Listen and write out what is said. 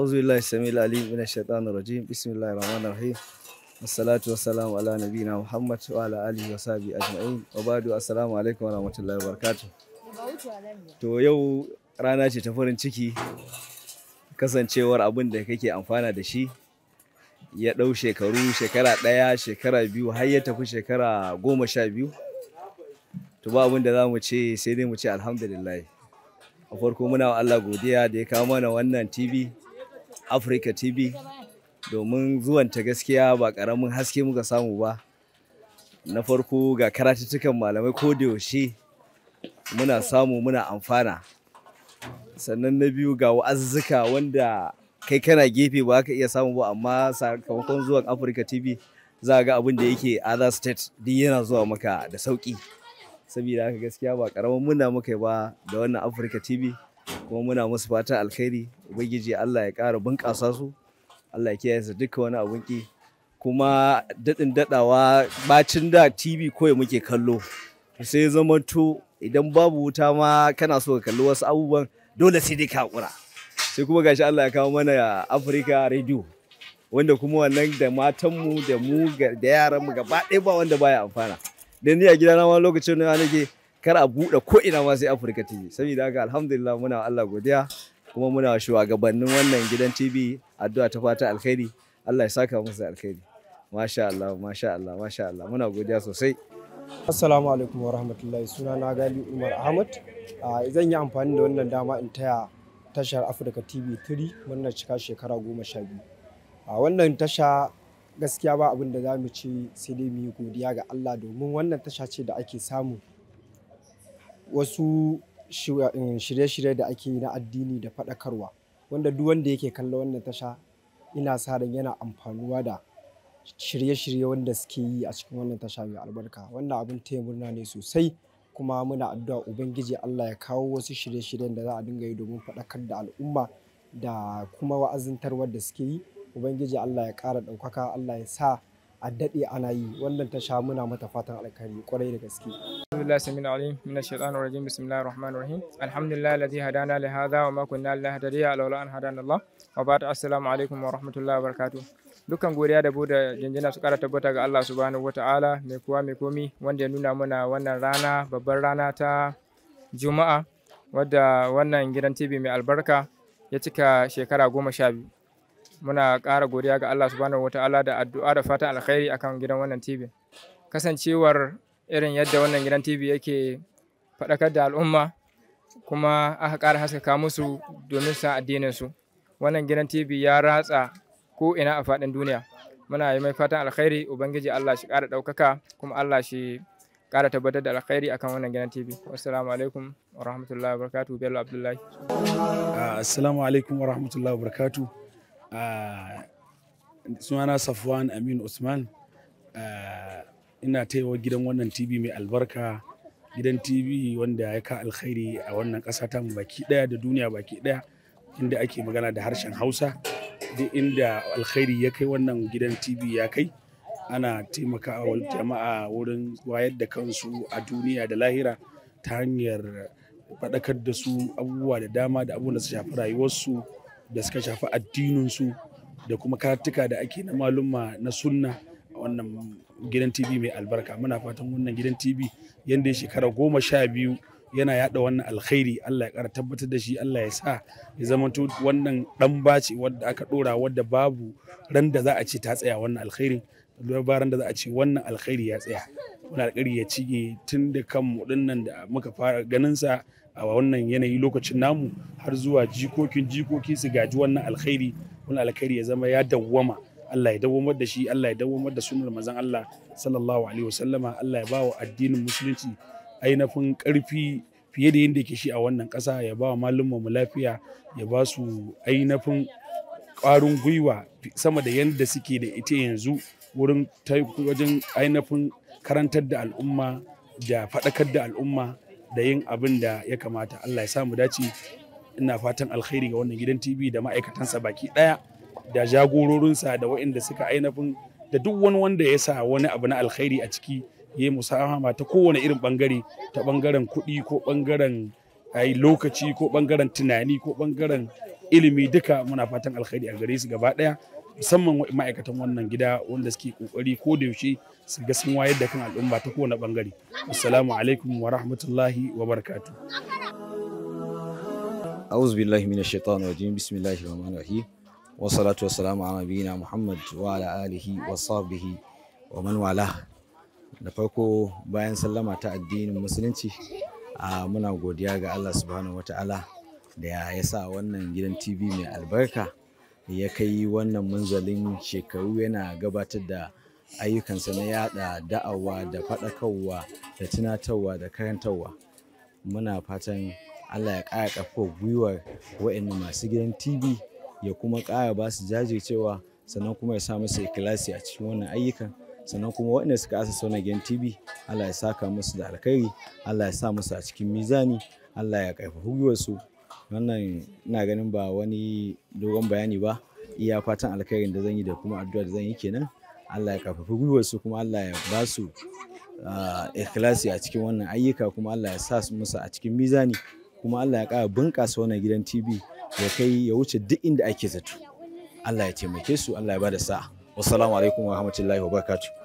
أعوذ بالله السميع العليم من الشيطان الرجيم بسم الله الرحمن الرحيم والصلاة والسلام على نبينا محمد وعلى آله وصحبه أجمعين وبعد السلام عليكم ورحمة الله وبركاته to yau rana ce ta farin ciki kasancewar abin da kake amfana da shi ya ɗau shekaru shekara ɗaya shekara biyu har ya tafi shekara goma sha biyu to ba abin da za mu ce sai dai mu ce alhamdulillah a farko muna wa Allah godiya da ya kawo mana wannan tv Africa TV domin zuwanta gaskiya ba ƙaramin haske muka samu ba. Na farko ga karatuttukan malamai ko da yaushe muna samu muna amfana. Sannan na biyu ga wa'azzuka wanda kai kana gefe ba ka iya samu ba amma sakamakon zuwan Africa TV za ga abin da yake other state duk yana zuwa maka da sauki. Saboda haka gaskiya ba ƙaramin muna muka ba da wannan Africa TV. kuma muna musu fatan alkhairi ubangiji Allah ya ƙara bunƙasa su Allah ya kiyaye su duka wani abun ki kuma daɗin daɗawa bacin da TV koyi muke kallo sai zama to idan babu wuta ma kana so ka kalli wasu abubuwan dole sai dai ka hakura sai kuma gashi Allah ya kawo mana Africa Radio wanda kuma wannan da matanmu da mu da yaranmu gaba ɗaya ba wanda baya amfana dan ni a gidana ma lokacin da nake kar a buɗe ko ina ma sai Afirka TV saboda haka alhamdulillah muna Allah godiya kuma muna shugabannin wannan gidan TV addu'a ta fata alkhairi Allah ya saka musu alkhairi masha Allah masha Allah masha Allah muna godiya sosai Assalamu alaikum wa rahmatullahi suna na Gali Umar Ahmad zan yi amfani da wannan dama in taya tashar Afirka TV 3 wannan cika shekara goma sha biyu wannan tasha gaskiya ba abin da za mu ce sai dai mu yi godiya ga Allah domin wannan tasha ce da ake samu wasu eh, shirye-shirye da ake yi na addini da faɗakarwa wanda duk wanda yake kalla wannan tasha ina sa ran yana amfanuwa da shirye-shirye wanda suke yi a cikin wannan tasha mai albarka wannan abin taya murna ne sosai kuma muna addu'a ubangiji Allah ya kawo wasu shirye-shiryen da za a dinga yi domin faɗakar da al'umma da kuma tarwar da suke yi ubangiji Allah ya ƙara ɗaukaka Allah ya sa a daɗe ana yi wannan ta sha muna mata fatan alkhairi kwarai da gaske alhamdulillah samin alim min ash-shaytan ar-rajim bismillahir rahmanir rahim alhamdulillah alladhi hadana li hadha wa ma kunna linahtadiya lawla an hadana Allah wa ba'd assalamu alaikum wa rahmatullahi wa barakatuh dukkan godiya da bude jinjina su kara tabbata ga Allah subhanahu wataala mai kuwa mai komi wanda ya nuna mana wannan rana babbar rana ta Juma'a wadda wannan gidan TV mai albarka ya cika shekara goma sha biyu muna ƙara godiya ga Allah subhanahu wataala da addu'a da fatan alkhairi akan gidan wannan TV kasancewar irin yadda wannan gidan TV yake faɗakar da al'umma kuma aka ƙara haskaka musu domin sa addinin su wannan gidan TV ya ratsa ko ina a faɗin duniya muna yi mai fatan alkhairi ubangiji Allah shi ƙara ɗaukaka kuma Allah shi ƙara tabbatar da alkhairi akan wannan gidan TV ah, assalamu alaikum wa rahmatullahi wa barakatuh bello abdullahi assalamu alaikum wa rahmatullahi wa barakatuh Ah, sunana safwan amin usman ah, ina taiwa gidan wannan tv mai albarka gidan tv wanda ya ka alkhairi a wannan kasa ta baki ɗaya da duniya baki ɗaya inda ake magana da harshen hausa duk inda alkhairi ya kai wannan gidan tv ya kai ana taimakawa jama'a wurin wayar da kansu a duniya da lahira ta hanyar faɗakar da su abubuwa da dama da abubuwan da su shafi rayuwarsu da suka shafi addininsu da kuma karatuka da ake na malumma na sunna a wannan gidan tv mai albarka muna fatan wannan gidan tv yadda ya shekara goma sha biyu yana yada wannan alkhairi Allah ya kara tabbatar da shi Allah ya sa ya zama wannan dan baci wadda aka dora wadda babu ran da za a ce ta tsaya wannan alkhairin labaran da za a ce wannan alkhairi ya tsaya wani alkhairi ya cige tun da mu dinnan da muka fara ganin sa a wannan yanayi lokacin namu har zuwa jikokin jikoki su gaji wannan alkhairi wannan alkhairi ya zama ya dawwama Allah ya dawwamar da shi Allah ya dawwamar da sunan manzon Allah sallallahu alaihi wasallama Allah ya ba wa addinin musulunci ainafin karfi fiye da yadda yake shi a wannan ƙasa ya ba wa mu lafiya ya ba su ainafin ƙwarin gwiwa sama da yadda suke da ita yanzu wurin wajen ainafin karantar da al'umma da faɗakar da al'umma da yin abin da ya kamata Allah ya samu dace ina fatan alkhairi ga wannan gidan TV da ma'aikatansa baki daya da jagororinsa da waɗanda suka ainafin da duk wani wanda ya sa wani abu na alkhairi a ciki ya yi musahama ta kowane irin bangare ta bangaren kuɗi ko bangaren ai lokaci ko bangaren tunani ko bangaren ilimi duka muna fatan alkhairi a gare su gaba daya musamman ma'aikatan wannan gida wanda suke kokari ko da yaushe su ga sun wayar da kan al'umma ta kowane bangare assalamu alaikum wa rahmatullahi wa barakatuh أعوذ bismillahir rahmanir rahim wa salatu wa salamu ala nabiyina Muhammad wa ala alihi wa sahbihi wa man wala da farko bayan sallama ta addinin musulunci muna godiya ga Allah subhanahu wata'ala da ya sa wannan gidan TV mai albarka ya kai wannan munzalin shekaru yana gabatar da ayyukansa na yada da'awa da faɗakarwa da tunatarwa da karantarwa muna fatan Allah ya ƙara kafo gwiwar wa'annan masu gidan TV ya kuma ƙara ba su jajircewa sannan kuma ya sa musu ikilasi a cikin wannan ayyukan sannan kuma waɗanda suka asa sauna gidan tv Allah ya saka musu da alkhairi Allah ya sa musu a cikin mizani Allah ya ƙarfafi gwiwarsu wannan ina ganin ba wani dogon bayani ba iya fatan alkhairin da zan yi da kuma addu'a da zan yi kenan Allah ya karfafi gwiwarsu kuma Allah ya ba su ah, ikhlasi a cikin wannan ayyuka kuma Allah ya sa su musu a cikin mizani kuma Allah ya ƙara bunƙasa wannan gidan TV ya kai ya wuce duk inda ake zato Allah ya taimake su Allah ya ba da sa'a wassalamu alaikum wa rahmatullahi wa barakatuh